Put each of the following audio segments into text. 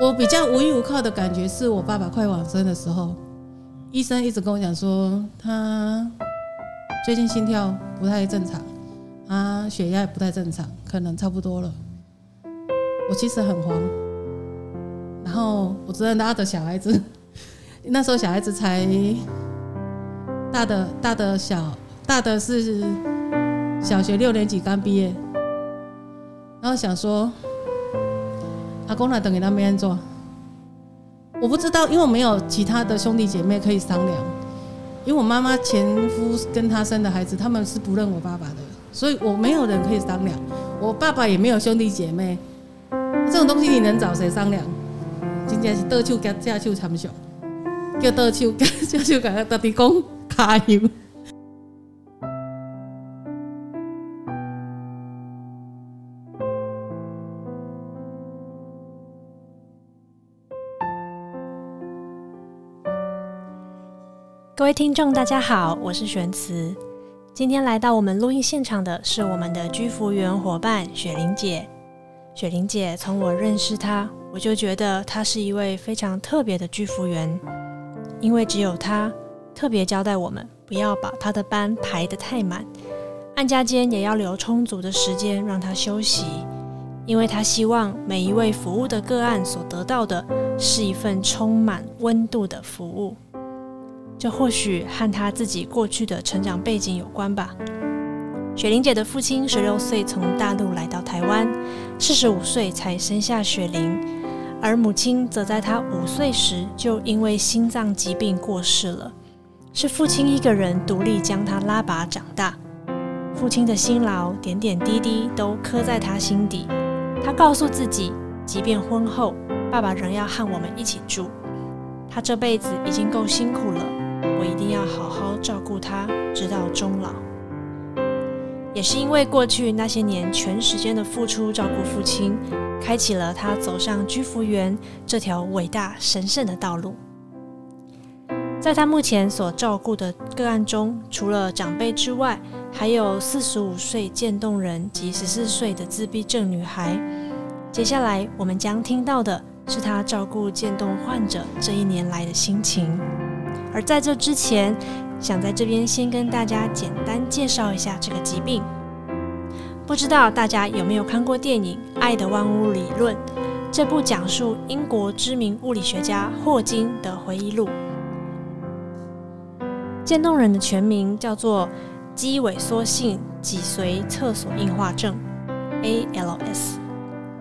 我比較無依無靠的感覺，是我爸爸快往生的時候，醫生一直跟我講說，他最近心跳不太正常，他、啊、血壓也不太正常，可能差不多了。我其實很慌，然後我只能拉著小孩子，那時候小孩子才大的大的小大的是小學六年級剛畢業，然後想說。阿公來等，給他那做。我不知道，因為我沒有其他的兄弟姐妹可以商量。因為我媽媽前夫跟他生的孩子，他們是不認我爸爸的，所以我沒有人可以商量。我爸爸也沒有兄弟姐妹，這種東西你能找誰商量？今天是左手加右手參上，叫左手加右手，趕快到底講加油。各位聽眾，大家好，我是玄慈。今天來到我們錄音現場的是我們的居服員夥伴雪琳姐。雪琳姐從我認識她，我就覺得她是一位非常特別的居服員，因為只有她特別交代我們，不要把她的班排得太滿，案家間也要留充足的時間讓她休息，因為她希望每一位服務的個案所得到的是一份充滿溫度的服務。這或許和他自己過去的成長背景有關吧。雪琳姐的父親十六歲從大陸來到台灣，四十五歲才生下雪琳，而母親則在她五歲時就因為心臟疾病過世了。是父親一個人獨立將她拉拔長大。父親的辛勞點點滴滴都刻在她心底。她告訴自己，即便婚後，爸爸仍要和我們一起住。他這輩子已經夠辛苦了。我一定要好好照顧她，直到終老。也是因為過去那些年全時間的付出照顧父親，開啟了他走上居服員這條偉大神聖的道路。在他目前所照顧的個案中，除了長輩之外，還有四十五歲漸凍人及十四歲的自閉症女孩。接下來我們將聽到的是她照顧漸凍患者這一年來的心情。而在這之前，想在這邊先跟大家簡單介紹一下這個疾病。不知道大家有沒有看過電影《愛的萬物理論》？這部講述英國知名物理學家霍金的回憶錄。漸凍人的全名叫做肌萎縮性脊髓側索硬化症 （ALS），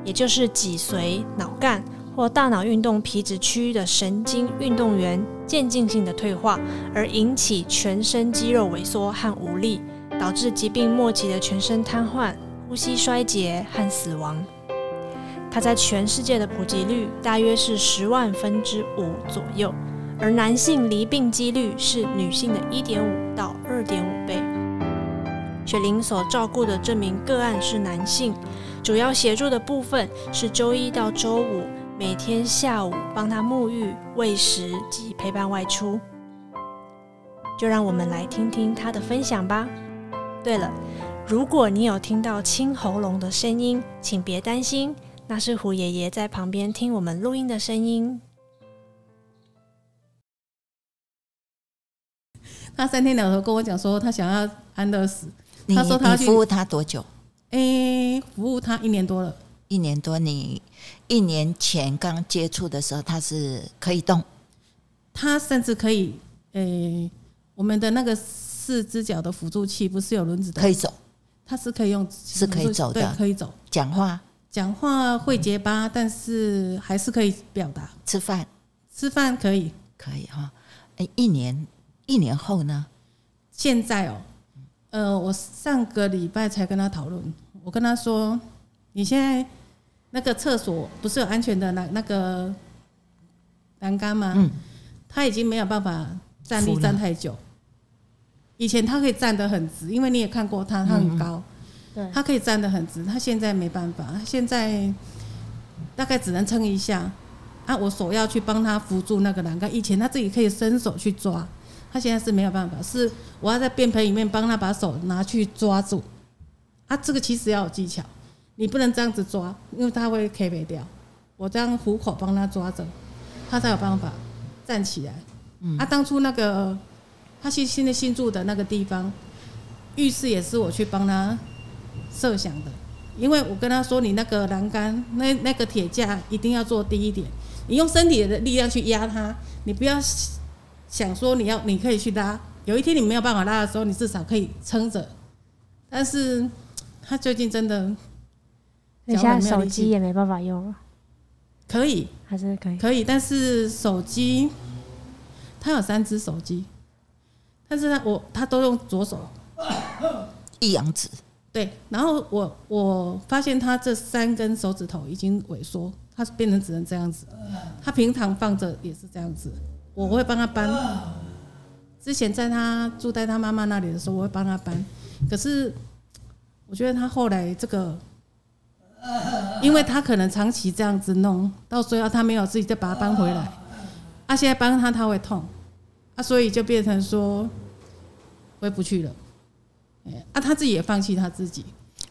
也就是脊髓、腦幹或大腦運動皮質區域的神經運動員。漸進性的退化，而引起全身肌肉萎縮和無力，導致疾病末期的全身癱瘓、呼吸衰竭和死亡。它在全世界的普及率大約是十萬分之五左右，而男性罹病幾率是女性的一點五到二點五倍。雪玲所照顧的這名個案是男性，主要協助的部分是周一到周五。每天下午幫他沐浴、餵食及陪伴外出，就讓我們來聽聽他的分享吧。對了，如果你有聽到清喉嚨的聲音，請別擔心，那是胡爺爺在旁邊聽我們錄音的聲音。他三天兩頭跟我講說他想要安樂死。你他說他：“你服務他多久？”誒，服務他一年多了，一年多你。一年前剛接觸的時候，他是可以動，他甚至可以，誒、欸，我們的那個四隻腳的輔助器不是有輪子的，可以走，他是可以用是可以走的，可以走。講話、呃，講話會結巴，嗯、但是還是可以表達。吃飯，吃飯可以，可以哈。誒、哦欸，一年一年後呢？現在哦，呃，我上個禮拜才跟他討論，我跟他說，你現在。那個廁所不是有安全的那那個欄杆嗎？嗯，他已經沒有辦法站立站太久。以前他可以站得很直，因為你也看過他，他很高，嗯嗯，對，他可以站得很直。他現在沒辦法，現在大概只能撐一下。啊，我手要去幫他扶住那個欄杆。以前他自己可以伸手去抓，他現在是沒有辦法，是我要在便盆裡面幫他把手拿去抓住。啊，這個其實要有技巧。你不能這樣子抓，因為他會 K 飛掉。我這樣虎口幫他抓着，他才有辦法站起來。嗯、啊，當初那個他現現在新住的那個地方，浴室也是我去幫他設想的，因為我跟他說，你那個欄杆那那個鐵架一定要做低一點。你用身體的力量去壓它，你不要想說你要你可以去拉，有一天你沒有辦法拉的時候，你至少可以撐着。但是他最近真的。現在手機也沒辦法用了，可以還是可以，可以，但是手機他有三只手機，但是他我他都用左手，一陽指。對，然後我我發現他這三根手指頭已經萎縮，他變成只能這樣子，他平常放着也是這樣子，我會幫他搬，之前在他住在他媽媽那裡的時候，我會幫他搬，可是我覺得他後來這個。因為他可能長期這樣子弄，到最後他沒有自己再把他搬回來，啊，現在搬他他會痛，啊，所以就變成說回不去了，啊，他自己也放棄他自己，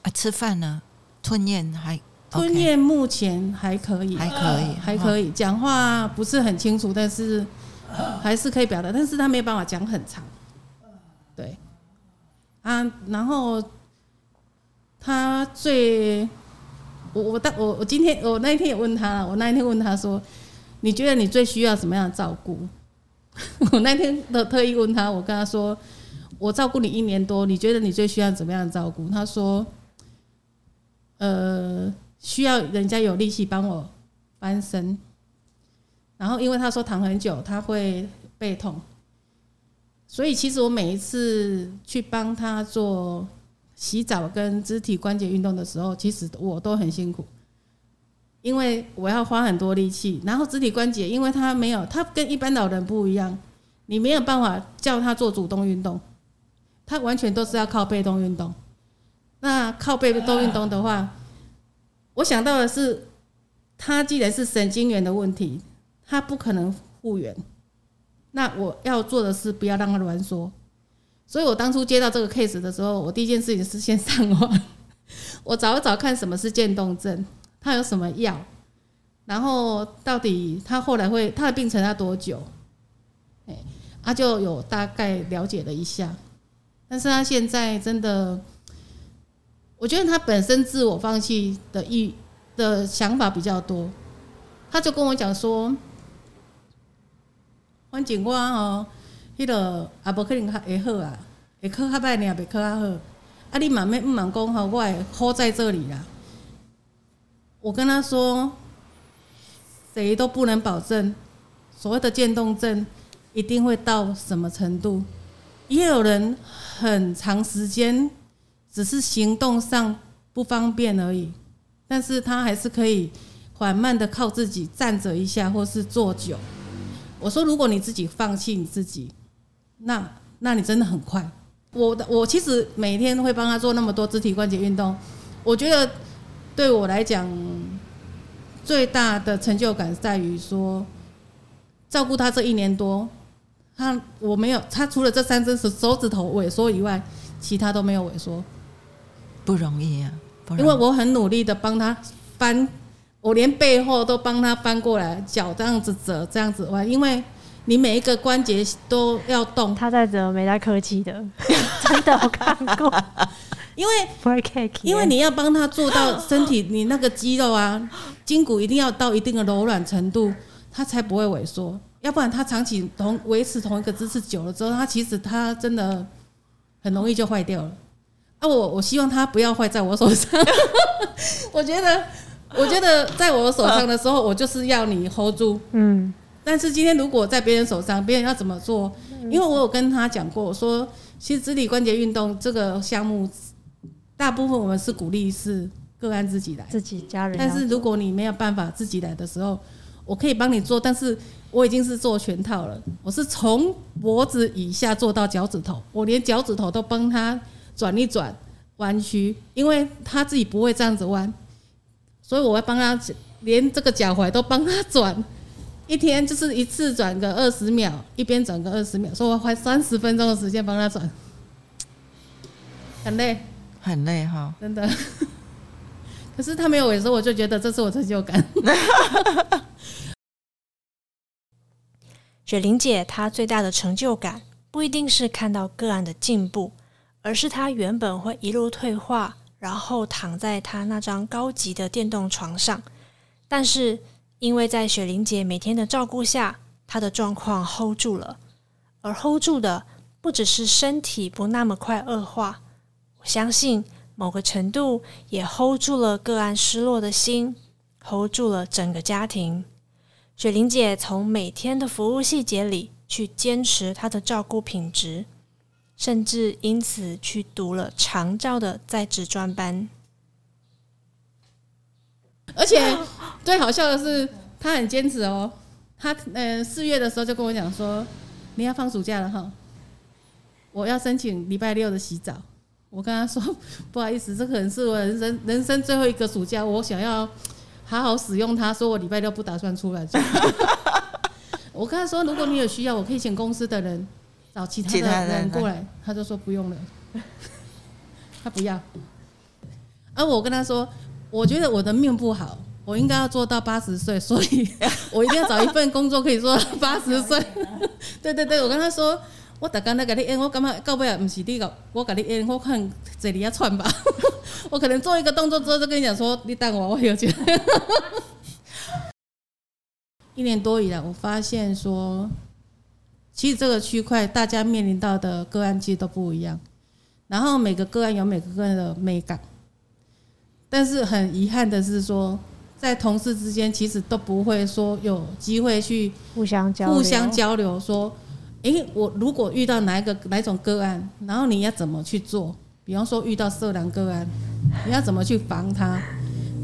啊，吃飯呢？吞咽還？吞咽目前還可以，還可以，啊，還可以，好，講話不是很清楚，但是還是可以表達，但是他沒有辦法講很長，對，啊，然後他最。我我但我我今天我那天也問他，我那天問他說，你覺得你最需要怎麼樣照顧？ 我那天都特意問他，我跟他說，我照顧你一年多，你覺得你最需要怎麼樣照顧？他說，呃，需要人家有力氣幫我翻身，然後因為他說躺很久他會背痛，所以其實我每一次去幫他做。洗澡跟肢體關節運動的時候，其實我都很辛苦，因為我要花很多力氣。然後肢體關節，因為他沒有，他跟一般老人不一樣，你沒有辦法叫他做主動運動，他完全都是要靠被動運動。那靠被動運動的話，我想到的是，他既然是神經元的問題，他不可能復原。那我要做的是，不要讓他攣縮。所以我當初接到這個 case 的時候，我第一件事情是先上網，我找一找看什麼是漸凍症，他有什麼藥，然後到底他後來會他的病程要多久？哎，他就有大概了解了一下，但是他現在真的，我覺得他本身自我放棄的意的想法比較多，他就跟我講說，黃警官啊。迄、那個也無、啊、可能會好啊，會課較歹，你也袂課較好。啊，你萬萬唔茫講吼，我會好在這裡啦。我跟他說，誰都不能保證所謂的漸凍症一定會到什麼程度。也有人很長時間只是行動上不方便而已，但是他還是可以緩慢的靠自己站着一下，或是坐久。我說，如果你自己放棄你自己。那，那你真的很快我。我我其實每天會幫他做那麼多肢體關節運動，我覺得對我來講最大的成就感在於說照顧他這一年多他，他我沒有他除了這三根手手指頭萎縮以外，其他都沒有萎縮。不容易啊，因為我很努力的幫他翻，我連背後都幫他翻過來，腳這樣子折這樣子彎，因為。你每一個關節都要動，他在這沒達客氣的，真的我看過，因為因為你要幫他做到身體，你那個肌肉啊、筋骨一定要到一定的柔軟程度，他才不會萎縮。要不然他長期同維持同一個姿勢久了之後，他其實他真的很容易就壞掉了。啊，我我希望他不要壞在我手上， 我覺得，我覺得在我手上的時候，我就是要你 hold 住，嗯。但是今天如果在別人手上，別人要怎麼做？因為我有跟他講過，我說其實肢體關節運動這個項目，大部分我們是鼓勵是個案自己來，自己家人。但是如果你沒有辦法自己來的時候，我可以幫你做，但是我已經是做全套了，我是從脖子以下做到腳趾頭，我連腳趾頭都幫他轉一轉、彎曲，因為他自己不會這樣子彎，所以我要幫他連這個腳踝都幫他轉。一天就是一次轉個二十秒，一邊轉個二十秒，所以我花三十分鐘的時間幫他轉，很累，很累哈、哦，真的。可是他沒有萎縮，我就覺得這是我成就感。 雪琳姐，她最大的成就感不一定是看到個案的進步，而是她原本會一路退化，然後躺在她那張高級的電動床上，但是。因為在雪琳姐，每天的照顧下，她的狀況 hold 住了，而 hold 住的不只是身體不那麼快惡化，我相信某個程度也 hold 住了個案失落的心，hold 住了整個家庭。雪琳姐從每天的服務細節裡去堅持她的照顧品質，甚至因此去讀了長照的在職專班。而且最好笑的是，他很堅持哦。他嗯，四月的時候就跟我講說：“你要放暑假了哈，我要申請禮拜六的洗澡。”我跟他說：“不好意思，這個人是我人生人生最後一個暑假，我想要好好使用它。”說：“我禮拜六不打算出來。” 我跟他說：“如果你有需要，我可以請公司的人找其他的人過來。他來”他就說：“不用了，他不要。啊”而我跟他說。我覺得我的命不好，我應該要做到八十歲，所以我一定要找一份工作可以做到八十歲。 對對對，我跟他說，我打剛才給你，哎，我感覺搞不了，不是那個，我給你，我，跟你演我看這裡要穿吧， 我可能做一個動作之後就跟你講說，你等我，我有錢。 一年多以來，我發現說，其實這個區塊大家面臨到的個案其實都不一樣，然後每個個案有每個個案的美感。但是很遺憾的是說，說在同事之間其實都不會說有機會去互相交、互相交流。說，誒、欸，我如果遇到哪一個哪一種個案，然後你要怎麼去做？比方說遇到色狼個案，你要怎麼去防他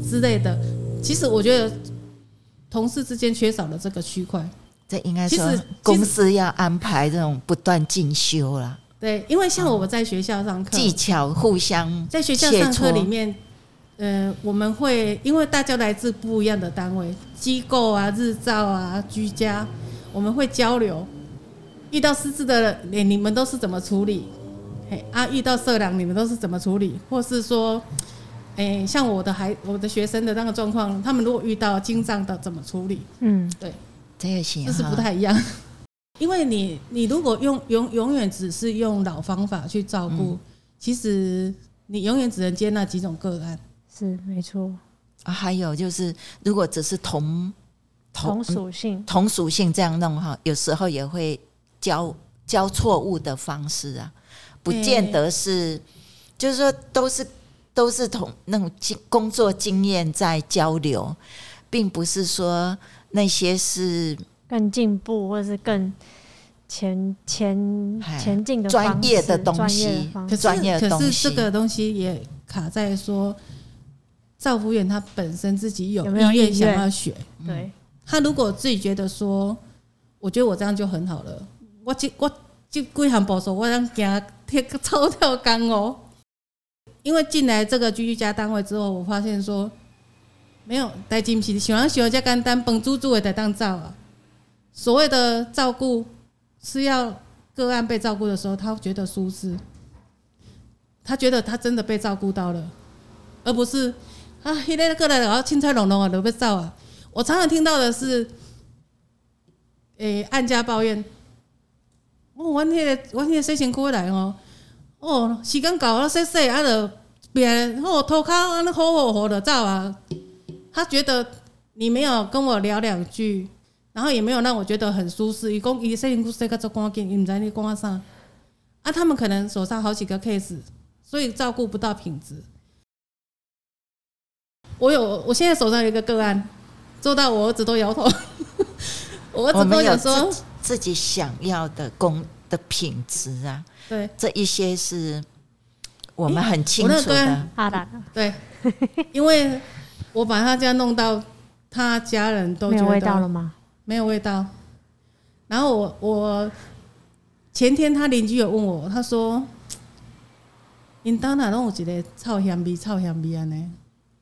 之類的？其實我覺得同事之間缺少了這個區塊。這應該說實是公司要安排這種不斷進修了。對，因為像我在學校上課、哦，技巧互相在學校上課裡面。呃，我們會因為大家來自不一樣的單位、機構啊、日照啊、居家，我們會交流。遇到失智的，你、欸、你們都是怎麼處理？哎、欸，啊，遇到色狼你們都是怎麼處理？或是說，哎、欸，像我的孩、我的學生的那個狀況，他們如果遇到精障的怎麼處理？嗯，對，這個行這是不太一樣。因為你你如果用永永遠只是用老方法去照顧，嗯、其實你永遠只能接納幾種個案。是沒錯、啊，還有就是，如果只是同同屬性、嗯、同屬性這樣弄哈，有時候也會交交錯誤的方式啊，不見得是，欸、就是說都是都是同那種工作經驗在交流，並不是說那些是更進步或者是更前前、哎、呀前進的專業的東西，專業的可是、可是這個東西也卡在說。趙福遠他本身自己有意願想要學，對他如果自己覺得說，我覺得我這樣就很好了，我就我就非常保守，我想給他貼個鈔票干哦。因為進來這個居、居家單位之後，我發現說沒有，帶進去，喜歡喜歡這干單，蹦住住也得當灶啊。所謂的照顧是要個案被照顧的時候，他覺得舒適，他覺得他真的被照顧到了，而不是。啊，現、那、在、個、過來的，然後凊彩弄弄啊，都不照啊。我常常聽到的是、欸，誒，案家抱怨，哦，阮迄、那個，阮迄個洗身軀來哦，哦，時間到啊，洗洗，啊就，就變哦，塗骹安尼厚厚厚的，走啊。他覺得你沒有跟我聊兩句，然後也沒有讓我覺得很舒適，伊講伊洗身軀洗到這乾淨，伊毋知安尼講啥。啊，他們可能手上好幾個 case，所以照顧不到品質。我有，我現在手上有一個個案，做到我兒子都搖頭。 我兒子都想說自己，自己想要的工的品質啊，對這一些是我們很清楚的。的、欸，我那個個案，發達了。對， 因為我把他家弄到他家人都覺得沒有味道了嗎？沒有味道。然後我我前天他鄰居有問我，他說：“你到哪弄？我覺得臭香鼻，臭香鼻啊！呢？”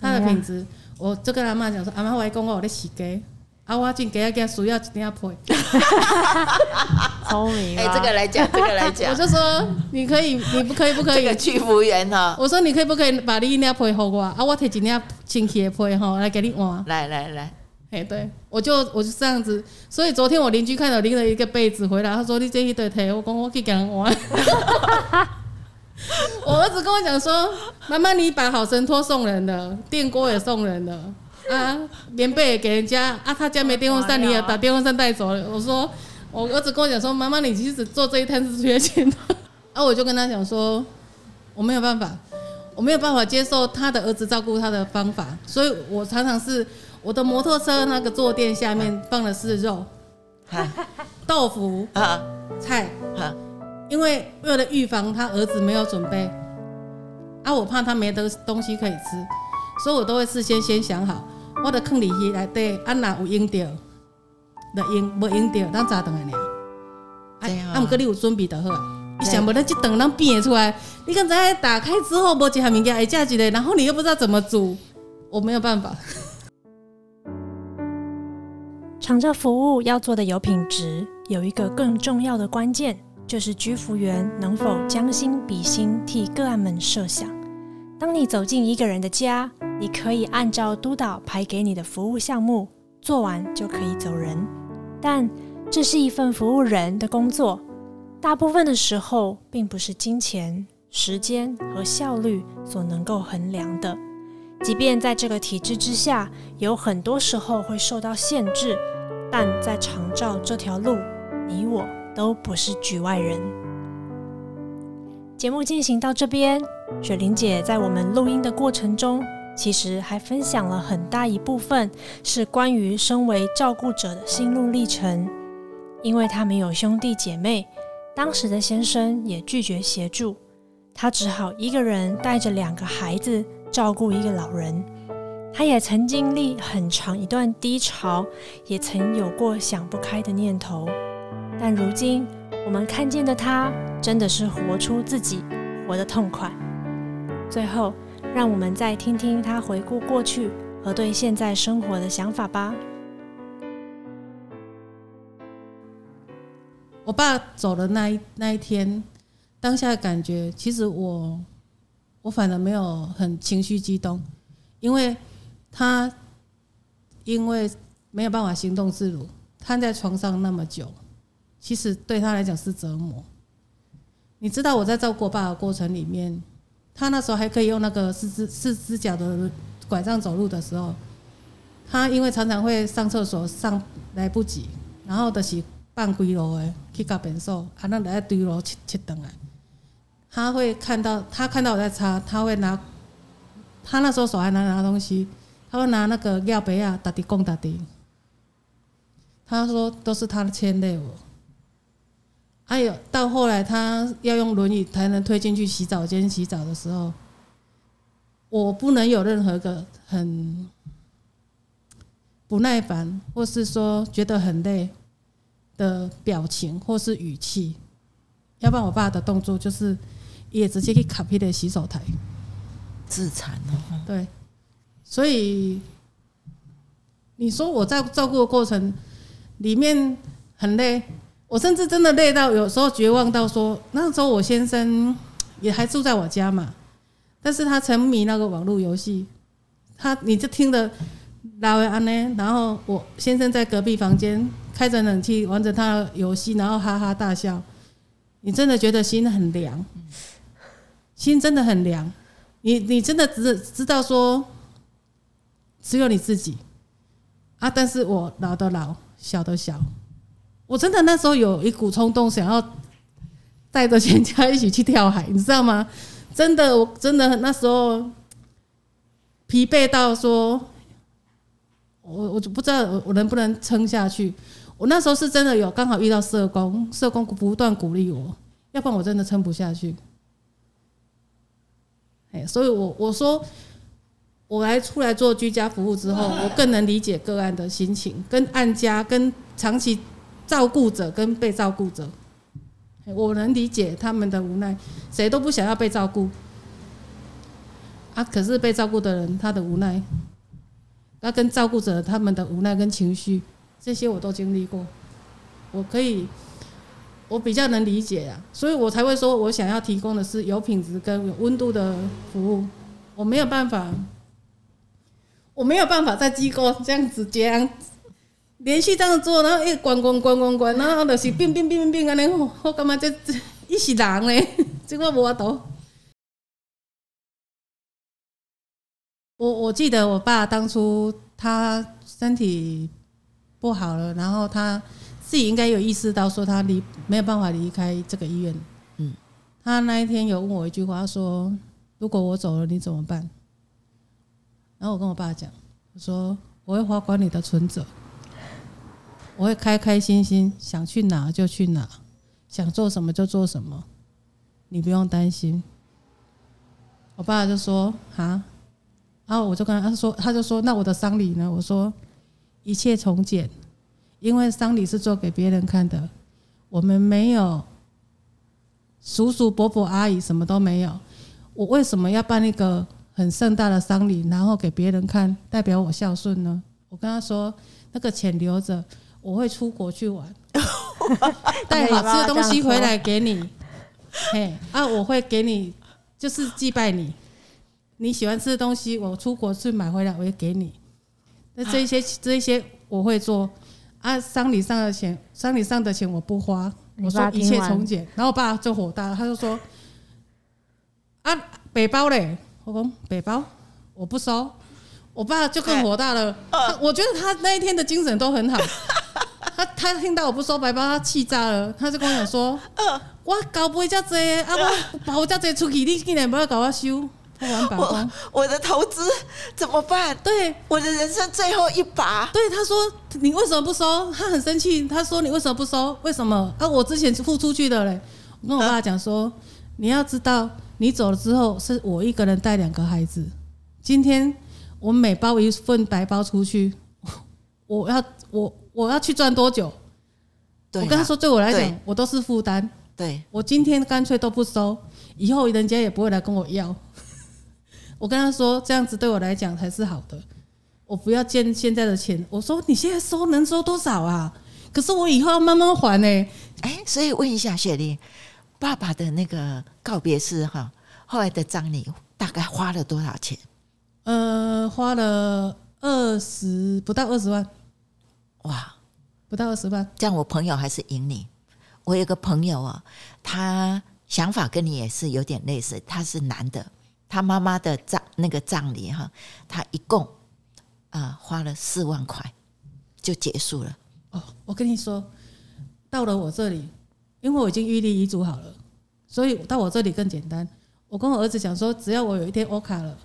他的品質，我就跟阿媽講說，阿媽我講我我的洗潔，啊，我真給阿家需要一定要被。聰明 美啊、欸！這個來講，這個來講， 我就說你可以，你不可以不可以？居服員，哈！我說你可以不可以把另一樣被給我啊？我提一件親戚的被哈，來給你換。”“來來來，誒，對，我就我就這樣子。所以昨天我鄰居看到拎了一個被子回來，他說你這一堆腿，我講我去給他換。 我兒子跟我講說：“媽媽，你把好神托送人了，電鍋也送人了啊，棉被也給人家啊，他家沒電風扇，你也把電風扇帶走了。”我說：“我兒子跟我講說，媽媽，你其實做這一攤是缺錢的。”啊， 啊我就跟他講說：“我沒有辦法，我沒有辦法接受他的兒子照顧他的方法，所以我常常是我的摩托車那個坐墊下面放的是肉、 豆腐啊、 菜。” 因為為了預防他兒子沒有準備，啊，我怕他沒得東西可以吃，所以我都會事先先想好，我的坑裡去來對，啊，哪有用掉的用，沒用掉，那咋整？的呢？啊，啊，唔跟你有準備的好你想，不到就等那變出來，你剛才打開之後沒一，沒幾下物件，哎，假幾嘞，然後你又不知道怎麼煮，我沒有辦法。 長照服務要做的有品質，有一個更重要的關鍵。就是居服員能否將心比心，替個案們設想。當你走進一個人的家，你可以按照督導排給你的服務項目，做完就可以走人。但這是一份服務人的工作，大部分的時候並不是金錢、時間和效率所能夠衡量的。即便在這個體制之下，有很多時候會受到限制，但在長照這條路，你我。都不是局外人。節目進行到這邊，雪琳姐在我們錄音的過程中，其實還分享了很大一部分是關於身為照顧者的心路歷程。因為她沒有兄弟姐妹，當時的先生也拒絕協助，她只好一個人帶着兩個孩子照顧一個老人。她也曾經歷很長一段低潮，也曾有過想不開的念頭。但如今，我們看見的他，真的是活出自己，活得痛快。最後，讓我們再聽聽他回顧過去和對現在生活的想法吧。我爸走了那一那一天，當下感覺，其實我我反而沒有很情緒激動，因為他因為沒有辦法行動自如，癱在床上那麼久。其實對他來講是折磨。你知道我在照顧我爸的過程裡面，他那時候還可以用那個四隻四隻腳的拐杖走路的時候，他因為常常會上廁所上來不及，然後是的是半跪落哎，膝蓋變還能那來堆落切七等啊。他會看到他看到我在擦，他會拿他那時候手還拿拿東西，他會拿那個尿杯啊打地供打地，他說都是他的牽累我還有、哎、到後來，他要用輪椅才能推進去洗澡間洗澡的時候，我不能有任何個很不耐煩，或是說覺得很累的表情，或是語氣，要不然我爸的動作就是也直接去卡皮的洗手台自殘了，哦。對，所以你說我在照顧的過程裡面很累。我甚至真的累到，有時候絕望到說，那時候我先生也還住在我家嘛，但是他沉迷那個網絡遊戲，他你就聽着拉維呢，然後我先生在隔壁房間開着冷氣玩着他的遊戲，然後哈哈大笑，你真的覺得心很涼，心真的很涼，你你真的只知道說，只有你自己啊，但是我老的老，小的小。我真的那時候有一股衝動，想要帶着全家一起去跳海，你知道嗎？真的，我真的那時候疲憊到說，我我就不知道我能不能撐下去。我那時候是真的有剛好遇到社工，社工不斷鼓勵我，要不然我真的撐不下去。哎，所以我我說，我來出來做居家服務之後，我更能理解個案的心情，跟案家跟長期。照顧者跟被照顧者，我能理解他們的無奈，誰都不想要被照顧啊。可是被照顧的人他的無奈、啊，要跟照顧者他們的無奈跟情緒，這些我都經歷過，我可以，我比較能理解啊，所以我才會說我想要提供的是有品質跟溫度的服務。我沒有辦法，我沒有辦法在機構這樣子這樣。連續這樣做，然後一關關關關關，然後就是變變變變變，然後我感覺這這是人呢？這個冇法度。我我記得我爸當初他身體不好了，然後他自己應該有意識到說他離沒有辦法離開這個醫院。嗯，他那一天有問我一句話說，說如果我走了，你怎麼辦？然後我跟我爸講，我說我會保管你的存折。我會開開心心，想去哪就去哪，想做什麼就做什麼，你不用擔心。我爸就說：“啊！”然後我就跟他說，他就說：“那我的喪禮呢？”我說：“一切從簡，因為喪禮是做給別人看的。我們沒有叔叔伯伯阿姨，什麼都沒有。我為什麼要辦一個很盛大的喪禮，然後給別人看，代表我孝順呢？”我跟他說：“那個錢留着。”我會出國去玩，帶好吃的東西回來給你。嘿啊，我會給你，就是祭拜你。你喜歡吃的東西，我出國去買回來，我也給你。那這一些這一些我會做。啊，喪禮上的錢，喪禮上的錢我不花。我說一切從簡。然後我爸就火大了，他就說：“啊，白包嘞，我說白包，我不收。”我爸就更火大了。他我覺得他那一天的精神都很好。他他、啊、聽到我不收白包，他氣炸了。他就跟我講說：“呃、啊，我搞不回家做，阿、啊、把、啊、我家做出去，你竟然不要搞我修，他我我的投資怎麼辦？對，我的人生最後一把。”對，他說：“你為什麼不收？”他很生氣。他說：“你為什麼不收？為什麼？”啊，我之前付出去的嘞。我跟我爸講說：“啊、你要知道，你走了之後是我一個人帶兩個孩子。今天我每包一份白包出去，我要我。”我要去賺多久？對啦我跟他說，對我來講，我都是負擔。對我今天乾脆都不收，以後人家也不會來跟我要。 我跟他說，這樣子對我來講才是好的。我不要借現在的錢。我說你現在收能收多少啊？可是我以後要慢慢還呢、欸。哎、欸，所以問一下雪琳，爸爸的那個告別式哈，後來的葬禮大概花了多少錢？呃，花了二十不到二十萬。哇，不到二十萬，這樣我朋友還是贏你。我有個朋友啊，他想法跟你也是有點類似。他是男的，他媽媽的葬那個葬禮哈，他一共啊、呃、花了四萬塊就結束了。哦，我跟你說，到了我這裡，因為我已經預立遺囑好了，所以到我這裡更簡單。我跟我兒子講說，只要我有一天 OK 了，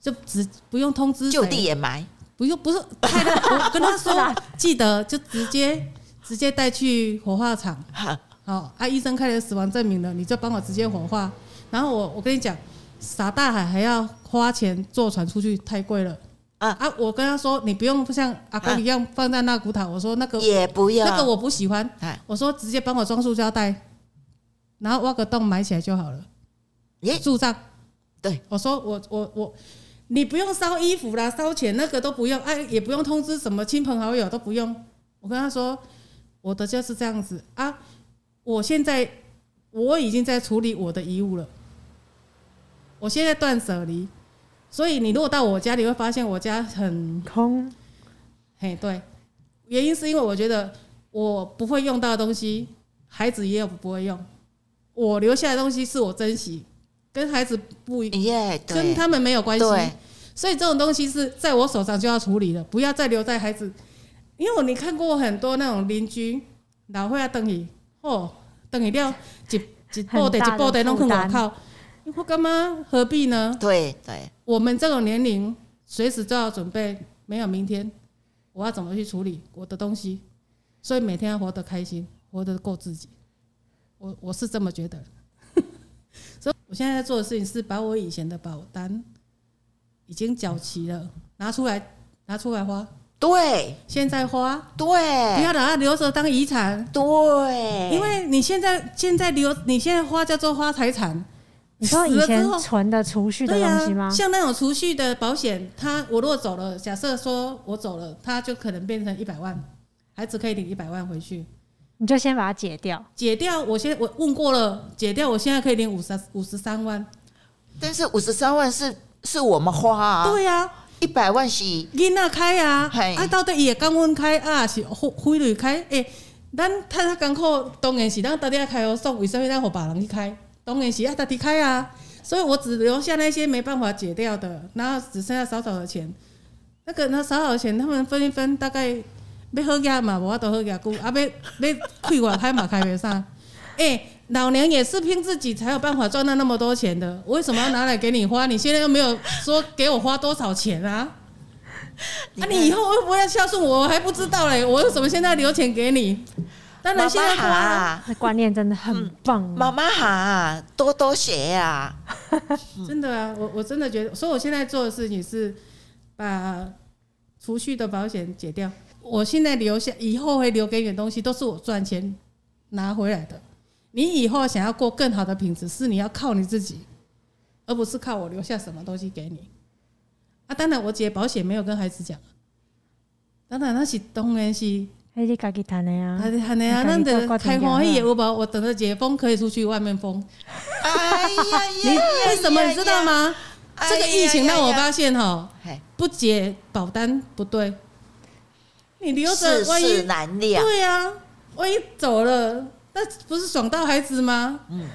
就只不用通知，就地掩埋。我說不是，不是太大 我跟他說是記得就直接直接帶去火化場，好，按、啊、醫生開了死亡證明了，你就幫我直接火化。然後我我跟你講，撒大海還要花錢坐船出去，太貴了啊！啊，我跟他說，你不用像阿公一樣放在那古塔，啊、我說那個也不要，那個我不喜歡。嘿 我說直接幫我裝塑膠袋，然後挖個洞埋起來就好了，樹葬。對，我說我我我。我你不用燒衣服啦，燒錢那個都不用，哎、啊，也不用通知什麼親朋好友都不用。我跟他說，我的就是這樣子啊，我現在我已經在處理我的遺物了，我現在斷捨離，所以你如果到我家，你會發現我家很空。嘿，對，原因是因為我覺得我不會用到的東西，孩子也有不會用，我留下來的東西是我珍惜。跟孩子不一樣，yeah, 對，跟他們沒有關係，所以這種東西是在我手上就要處理了，不要再留在孩子。因為你看過很多那種鄰居老花你哦，等你都要一一波疊一波疊弄去我靠，你我幹嘛何必呢？對對，對我們這種年齡隨時都要準備，沒有明天，我要怎麼去處理我的東西？所以每天要活得開心，活得夠自己我。我我是這麼覺得。所以，我現在在做的事情是把我以前的保單已經繳齊了，拿出來，拿出來花。對，現在花。對，不要把它留着當遺產。對，因為你現在現在留，你現在花叫做花財產。你說以前存的儲蓄的東西嗎？啊，像那種儲蓄的保險，它我如果走了，假設說我走了，它就可能變成一百萬，孩子可以領一百萬回去。你就先把它解掉，解掉。我先我問過了，解掉。我現在可以領五十五十三萬，但是五十三萬是是我們花，啊。對呀、啊，一百萬是囡仔開呀、啊，嘿啊，到底也剛問開啊，是灰灰綠開，誒、欸，咱太太艱苦當然是咱到底要開哦，送為什麼讓和別人去開，當然是要、啊、讓大家開啊，所以我只留下那些沒辦法解掉的，然後只剩下少少的錢，那個那少少的錢，他們分一分大概。要好家嘛，我都要好家姑啊，要要開我開嘛開不上。誒、 欸，老娘也是拼自己才有辦法賺到那麼多錢的。為什麼要拿來給你花？你現在又沒有說給我花多少錢啊？那你，跟、啊、你以後會不會孝順我？我還不知道嘞。我為什麼現在留錢給你？當然現在好，觀念真的很棒。媽媽好，多多學呀、啊。 真的啊，我我真的覺得，所以我現在做的事情是把儲蓄的保險解掉。我現在留下，以後會留給你的東西都是我賺錢拿回來的。你以後想要過更好的品質，是你要靠你自己，而不是靠我留下什麼東西給你。啊，當然我解保險沒有跟孩子講，啊。當然那是東西，還是自己談的呀。還是談的呀，那等也無吧，我等着解封可以出去外面瘋。哎呀呀！為什麼你知道嗎？這個疫情讓我發現哈，不解保單不對。你留着，萬事難料。對呀、啊，萬一走了，那不是爽到孩子嗎？嗯，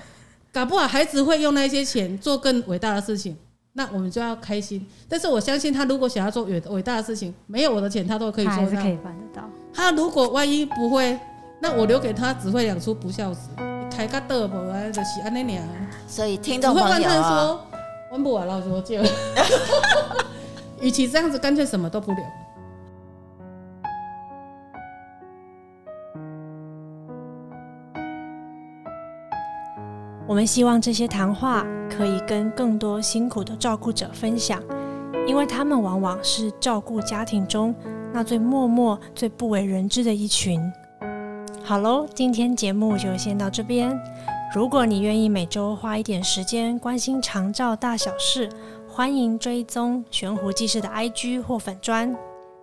搞不好孩子會用那些錢做更偉大的事情，那我們就要開心。但是我相信，他如果想要做偉偉大的事情，沒有我的錢，他都可以做到。他如果萬一不會，那我留給他只會養出不孝子，開個德不的是安那年，所以聽到、啊，會朋他說問不完要說就。與 其這樣子，乾脆什麼都不留。我們希望這些談話可以跟更多辛苦的照顧者分享，因為他們往往是照顧家庭中那最默默、最不為人知的一群。好嘍，今天節目就先到這邊。如果你願意每周花一點時間關心長照大小事，歡迎追蹤懸壺濟世的 IG 或粉專。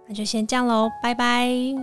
那就先這樣嘍，拜拜。